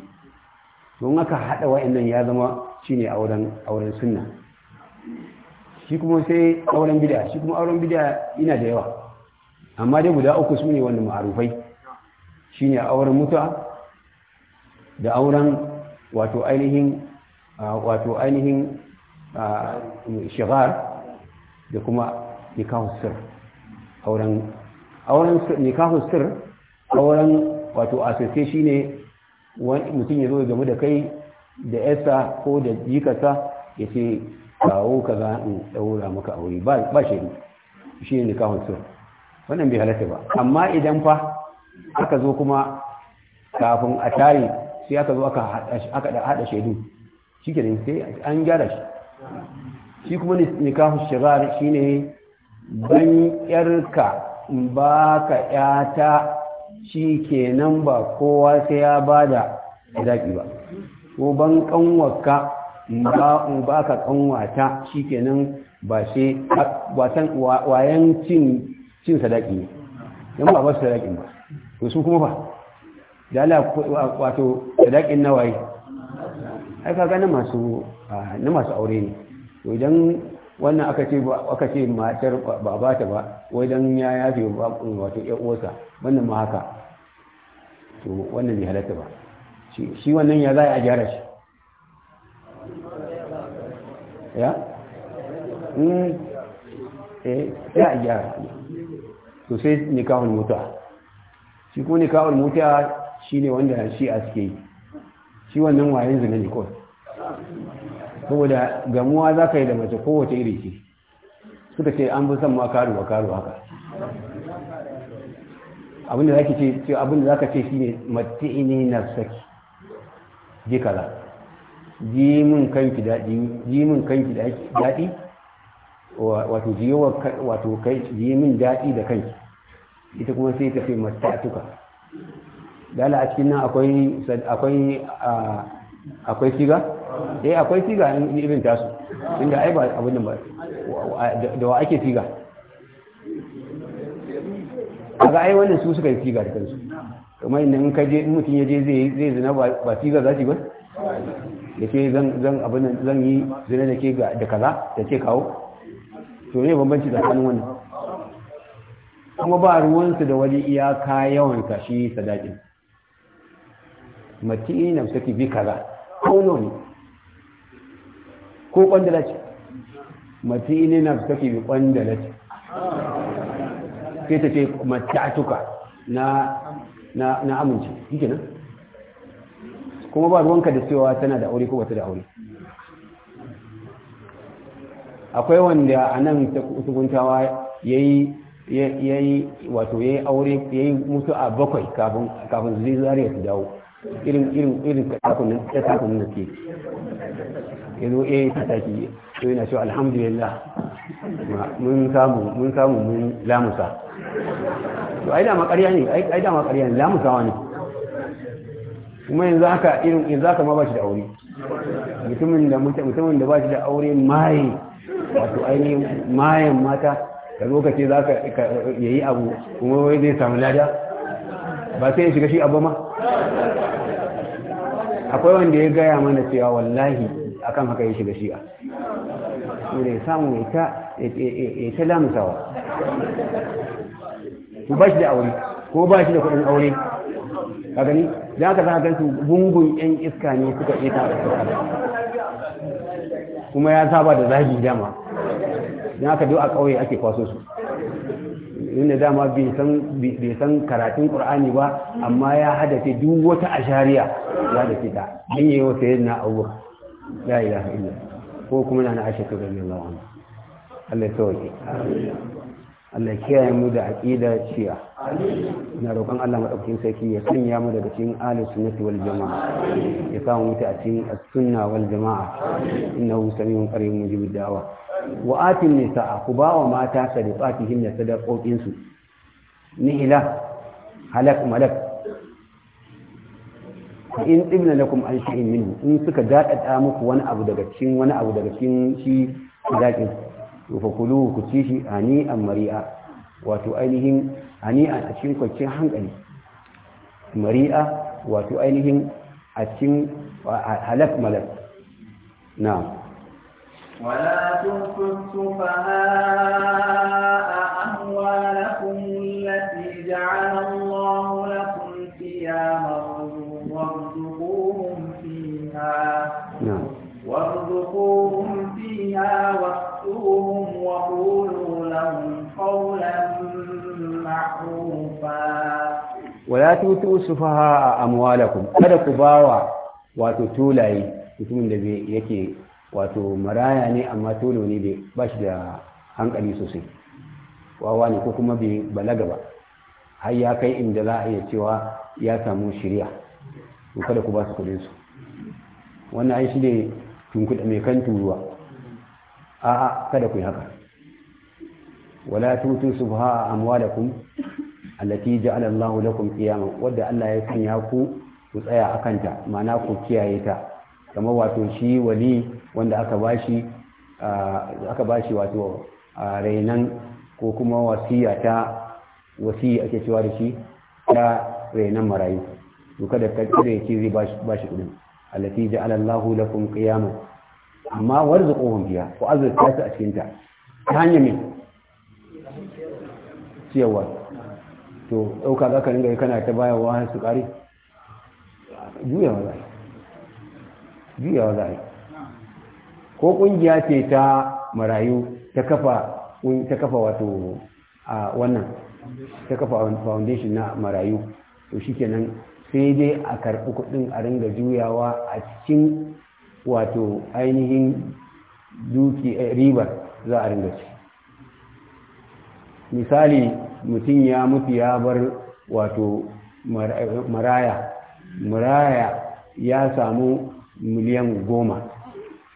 S1: don haka haɗa wa'annan ya zama shine auren auren sunna shi kuma sai auren bid'a shi kuma auren bid'a ina da yawa amma dai guda uku su ne wanda ma'arufai shine auren mutuwa da auren wato ainihin wato ainihin shigar da kuma nikahus auren auren nikahus auren wato asirce shine mutum ya zo game da kai da yasa ko da jikasa ya ce kawo ka za in ɗaura maka aure ba shaidu shi ne nikahun wannan bai halatta ba amma idan fa aka zo kuma kafin a tare sai aka zo aka haɗa shaidu shi ke sai an gyara shi shi kuma nikahu shigar shi ne ban yarka ba ka yata shi ke nan ba kowa sai ya ba da zaƙi ba ko ban kanwaka ba ka ƙanwata shi nan ba shi wayan cin sadaki ne yan ba ba su sadakin ba to su kuma ba da ala wato sadakin nawaye ai kaga na masu na masu aure ne to idan wannan aka ce aka ce matar ba ba ta ba wajen ya yafe wato ya uwarsa wannan ma haka to wannan ne halatta ba shi wannan ya za a gyara shi ya? Hmm. eh ya a gyara to sai kawo mutuwa shi ko nikahul shi shine wanda shi a suke yi shi wannan wayan zina ne kawai saboda gamuwa za ka yi da mace kowace iri ce suka ce an fi son ma karuwa karuwa haka abinda za ka ce abinda za ka ce shi ne ne na saki ji kala. ji min kanki daɗi ji min kanki daɗi wato ji wato kai ji min daɗi da kanki ita kuma sai ta fi mata'atuka dala a cikin nan akwai shiga? akwai eh akwai siga irin tasu inda ai ba abin da ba da wa ake
S2: A ga ai wannan
S1: su suka yi shiga da kansu kamar inda in kaje in mutum ya je zai zai
S3: zina ba shiga za shi ba da ke zan abin zan yi zina da ke
S1: da kaza da ke kawo to ne bambanci tsakanin wannan kuma ba ruwansu da wani iyaka yawan kashi sadakin mati na bi kaza kono ne ko kwandala ce mati na suke bi kwandala ce sai ta matatuka na na amince yake nan kuma ba ruwanka da cewa tana da aure ko wata da aure akwai wanda a nan tukuntawa ya yi ya yi wato ya yi aure ya yi mutu a bakwai kafin su zai zariya su dawo irin irin irin takunan da takunan da ke ya zo ya yi tataki to yana cewa alhamdulillah mun samu mun samu mun lamusa
S2: to ai dama ƙarya ne ai dama ƙarya ne lamusawa ne
S1: kuma yanzu haka irin yanzu haka ma ba shi da aure mutumin da mutumin da ba shi da aure maye wato ainihin mayan mata ka zo ka ce za ka yayi abu kuma wai zai samu lada ba sai ya shiga shi abu ma akwai wanda ya gaya mana cewa wallahi akan haka ya shiga shi'a da ya samu ya ta lamusawa ku ba shi da aure ko ba shi da kudin aure a gani za ka za gansu gungun 'yan iska ne suka ita a
S2: kuma ya saba da zagi dama
S1: don haka biyu a ƙauye ake kwaso su inda dama bai san karatun ƙur'ani ba amma ya hadace duk wata ashariya ya da fita an yi wata yin na abuwa ya yi ko kuma na na ashe ta zama Allah ya sauke. Allah kiyaye mu da aqida shi'a na roƙon Allah madaukakin sarki ya sanya mu daga cikin ahlus sunnati wal jamaa ya sa mu ta cikin as-sunna wal jamaa innahu samiyun qarib mujibud da'wa wa atin nisaa ku ba wa mata sadaqatihim da sadaqokin su nihila halak malak in ibna lakum an shay'in minhu in suka dadada muku wani abu daga cikin wani abu daga cikin shi zakin to fa kulu ku ci shi ani an mari'a wato ainihin ani a cikin kwanciyar hankali mari'a wato ainihin a cikin halak malak na
S3: ولا تؤتوا السفهاء أموالكم التي جعل الله لكم قياما wala
S1: ولا تؤتوا a amwalakum kada ku bawa wato tulaye mutumin da yake wato maraya ne amma tolo ne bai bashi da hankali sosai wawa ne ko kuma bai balaga ba har ya kai inda za a iya cewa ya samu shirya to kada ku ba su kudin su wannan ai shi ne tunkuɗa mai kan turuwa a'a kada ku yi haka wala tutu subha amwalakum allati ja'ala Allahu lakum qiyama wadda Allah ya sanya ku ku tsaya a kanta mana ku kiyaye ta kama wato shi wali wanda aka bashi aka rainan ko kuma wasiya ta wasiya ake cewa da shi ta rainan marayu to kada ka kada ya ce zai bashi bashi ku azurta su a cikinta ta hanyar ciyarwa to ɗauka za ka ringa kana ta bayarwa har su ƙari juyawa za a yi juyawa za yi ko ƙungiya ce ta marayu ta kafa ta kafa wato a wannan ta kafa foundation na marayu to shikenan sai dai a karɓi kuɗin a ringa juyawa a cikin wato ainihin duki eh, ribar za a ringa ci misali mutum ya mutu ya bar wato maraya maraya ya samu miliyan goma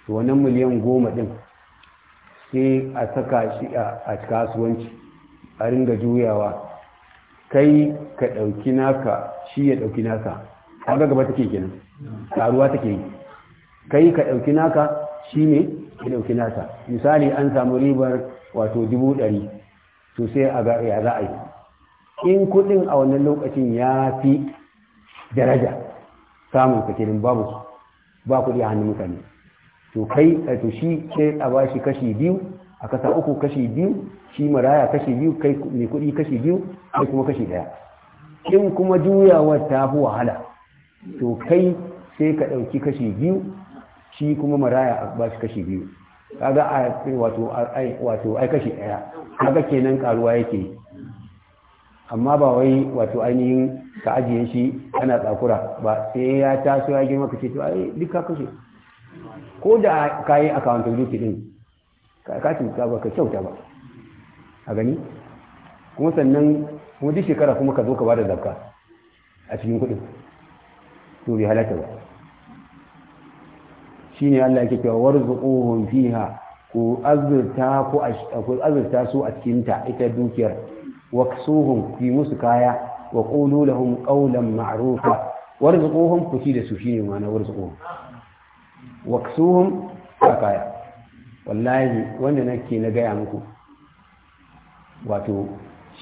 S1: to wannan miliyan goma din sai a saka shi a kasuwanci a ringa juyawa kai ka ɗauki naka shi ya ɗauki naka a gaba take kenan karuwa take yi kai ka ɗauki naka shi ne ya ɗauki nasa misali an samu ribar wato dubu ɗari to sai a ga ya za a yi in kudin a wannan lokacin ya fi daraja samun kakirin babu ba kuɗi a hannun mutane to kai eh, to shi sai a ba shi kashi biyu a kasa uku kashi biyu shi maraya kashi biyu kai mai kuɗi kashi biyu kai kuma kashi ɗaya in kuma juyawar ta fi wahala to kai sai ka ɗauki kashi biyu shi kuma maraya a ba shi kashi biyu kaga a wato wato ai kashi daya kaga kenan karuwa yake amma ba wai wato ainihin ka ajiye shi ana tsakura ba sai ya taso ya girma kace ce to ai duka ka kashe ko da ka yi accountability din ka ka ba ka kyauta ba a gani kuma sannan kuma duk shekara kuma ka zo ka bada da zakka a cikin kuɗi. to bi ba shine Allah yake cewa warzuquhum fiha ku azurta ku azurta su a cikin ta ita dukiyar waksuhum fi musu kaya wa qulu lahum qawlan ma'rufa warzuquhum ku ci da su shine ma'ana warzuquhum waksuhum kaya wallahi wanda nake na gaya muku wato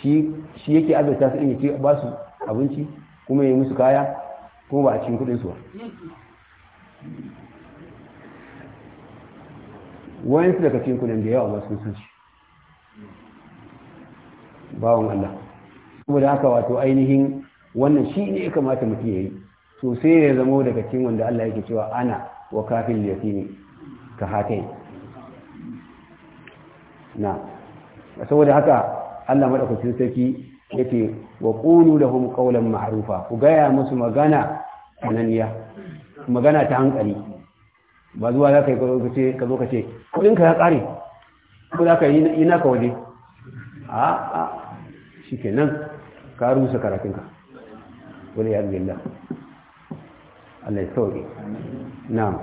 S1: shi yake azurta su in yake ba su abinci kuma yi musu kaya kuma ba a cikin kudin su ba wayan su daga cikin kunan da yawa ba sun san shi bawon Allah saboda haka wato ainihin wannan shi ne ya kamata mutum ya yi to sai ya zamo daga cikin wanda Allah yake cewa ana wa kafin yatimi ka hatai na saboda haka Allah madaukakin sarki yake wa qulu lahum qawlan ma'rufa ku gaya musu magana sananiya magana ta hankali ba zuwa za ka yi ka zo ka ce kudinka ya ƙare ko za ka yi naka waje a a shi nan ka rusa karatunka wani ya zai Allah ya sauke na'am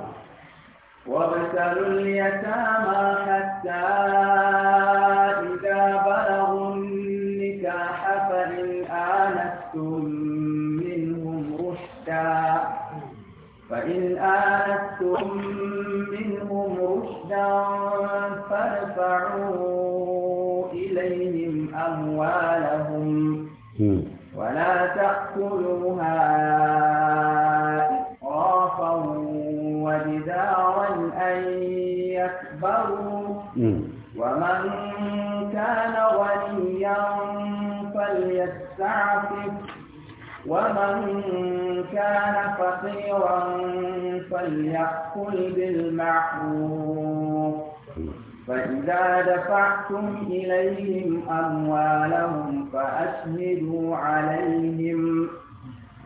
S3: وابتلوا اليتامى حتى إذا بلغوا النكاح فإن آنستم منهم فإن آنستم منهم رشدا فارفعوا إليهم أموالهم ولا تأكلوها إسرافا وجدارا أن يكبروا ومن كان غنيا فليستعفف ومن كان فقيرا فليأكل بالمعروف فإذا دفعتم إليهم أموالهم فأشهدوا عليهم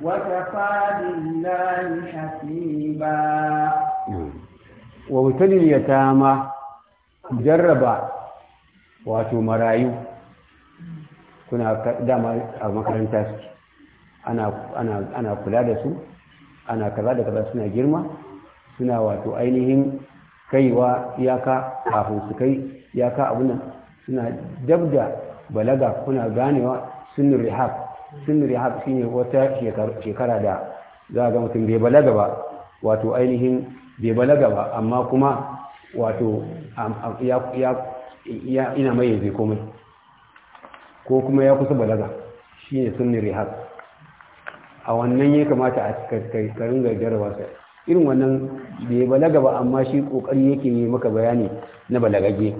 S3: وكفى بالله حسيبا
S1: وابتلي اليتامى جرب واتوا مرايو كنا دام a makaranta ana kula da su ana kaza da kaza suna girma suna wato ainihin kaiwa iyaka kafin su kai iyaka abin nan suna dab da balaga kuna ganewa sun rihab sun rihab shine wata shekara da za ga mutum bai balaga ba wato ainihin bai balaga ba amma kuma wato ya ina mai yanzu komai ko kuma ya kusa balaga shine sun rihab a wannan ya kamata a karin gajiyar wasa irin wannan bai balaga ba amma shi kokari yake yi maka bayani na balagage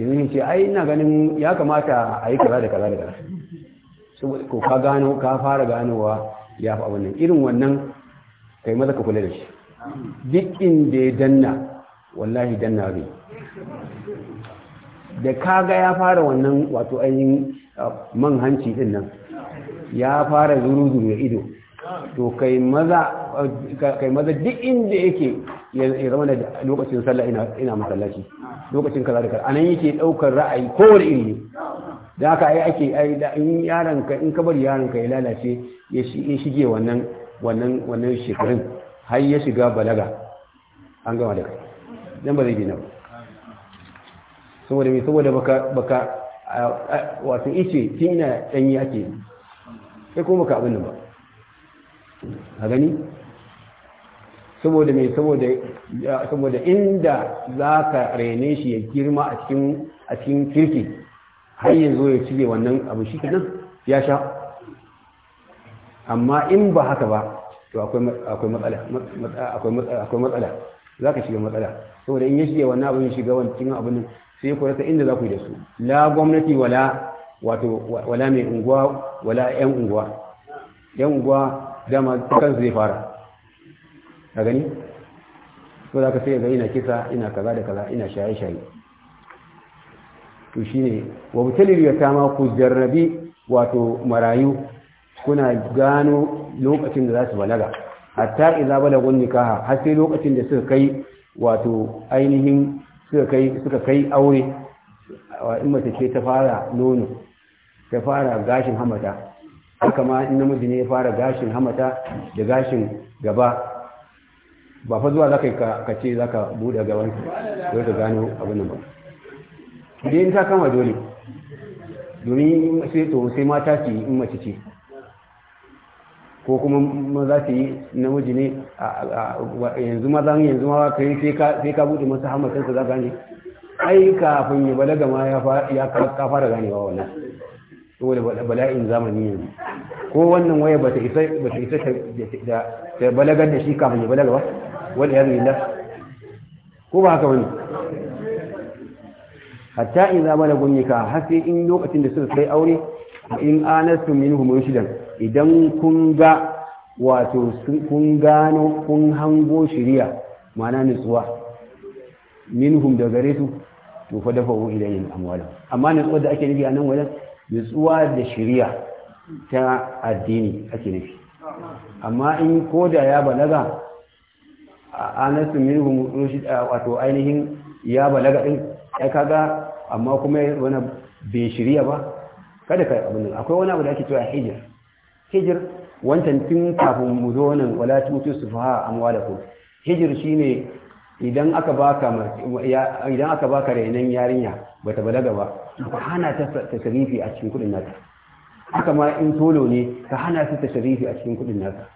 S1: yanzu ce ai ina ganin ya kamata a yi kaza da kaza da kaza ko ka gano ka fara ganowa ya fi abin nan irin wannan kai maza ka kula da shi duk inda ya danna wallahi danna bai da ka ga ya fara wannan wato ainihin ah, manhanci din nan ya fara zuru-zuru ya ido to kai maza duk inda yake ya zama da lokacin sallah ina masallaci lokacin kaza da kaza anan yake daukar ra'ayi kowane iri da haka ai ake ai da in yaron ka in kabar yaron ka ya lalace ya shige wannan wannan wannan shekarun har ya shiga balaga an gama da kai dan ba zai gina ba saboda me saboda baka baka wato ice tun ina danyi ake sai kuma ka abin ba a gani saboda mai saboda inda za ka rene shi ya girma a cikin kirki har yanzu ya cire wannan abu shi kadan ya sha amma in ba haka ba to akwai matsala za ka shiga matsala saboda in ya shiga wannan abin shiga wancan abin sai ku rasa inda za ku yi da su la gwamnati wala wato wala mai unguwa wala 'yan unguwa yan unguwa dama kan zai fara a gani so za ka sai ga ina kisa ina kaza da kaza ina shaye-shaye to shi ne wa butalir ya kama ku jarrabi wato marayu kuna gano lokacin da za su balaga hatta idza balagun nikaha har sai lokacin da suka kai wato ainihin suka kai suka kai aure in mace ce ta fara nono ya fara gashin hamata haka ma in namiji ne ya fara gashin hamata da gashin gaba ba fa zuwa zaka ka ce zaka bude gaban don ta gano abin nan ba in ta kama dole domin sai to sai mata ce yi in mace ce ko kuma maza su yi namiji ne yanzu ma zan yanzu ma kai sai ka bude masa ka za gane ai kafin ya balaga ma ya fara ganewa wannan saboda bala'in zamani ne. ko wannan waya bata isa bata isa ta ta balagar da shi kafin ya balaga ba wal yarilla ko ba haka bane hatta idza balagu nika har sai in lokacin da suka kai aure in anastu minhum rushdan idan kun ga wato kun gano kun hango shiriya ma'ana nutsuwa minhum da gare su to fa dafa ilayhim amwalan amma nutsuwa da ake nufi a nan wajen nutsuwa da shirya ta addini ake nufi amma in ko da ya balaga a anasu minhum rushid wato ainihin ya balaga din ya kaga amma kuma wani bai shirya ba kada ka abin akwai wani abu da ake cewa hijir hijir wancan tun kafin mu zo nan wala tutu da ku hijir shine idan aka baka idan aka baka rainan yarinya bata balaga ba ka hana ta tasharifi a cikin kudin nata haka ma in tolo ne ka hana ta tasharifi a cikin kudin nata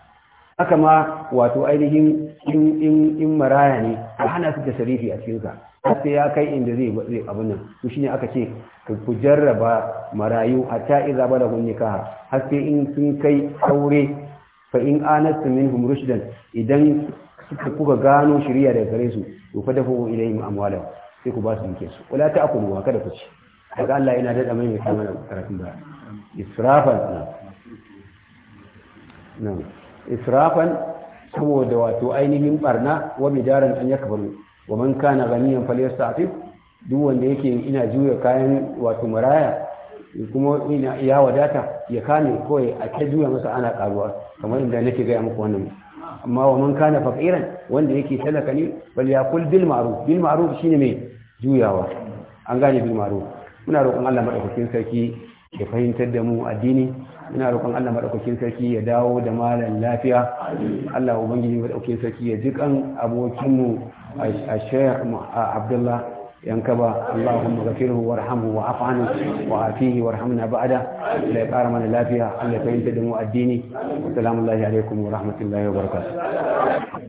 S1: haka ma wato ainihin in in maraya ne ka hana ta tasharifi a cikin ka sai ya kai inda zai zai abin nan to shine aka ce ku jarraba marayu hatta idza balagun nikaha har sai in sun kai aure fa in anastu minhum rushdan idan suka kuka gano shirya daga gare su to fa dafu ilayhim amwalahu sai ku ba su dukiyar su wala akulu wa kada ku ci daga Allah yana dada mai mai kamar karatun ba israfan na israfan saboda wato ainihin barna wa bidaran an yakbaru wa man kana ganiyan falyastafif duk wanda yake ina juya kayan wato maraya kuma ina ya wadata ya kame kawai a ta juya masa ana karuwa kamar inda nake gaya muku wannan amma wa man kana faqiran wanda yake talaka ne bal yakul bil ma'ruf bil ma'ruf shine mai juyawa an gane bil ma'ruf muna roƙon Allah madaukakin sarki ya fahimtar da mu addini Muna roƙon Allah madaukakin sarki ya dawo da malam lafiya Allah ubangiji madaukakin sarki ya jikan abokinmu a Sheikh Abdullah yankaba Allahumma ghafirhu warhamhu wa'fu anhu wa'afihi warhamna ba'da la ya kara mana lafiya Allah ya fahimta da mu addini assalamu alaikum wa rahmatullahi wa
S2: barakatuh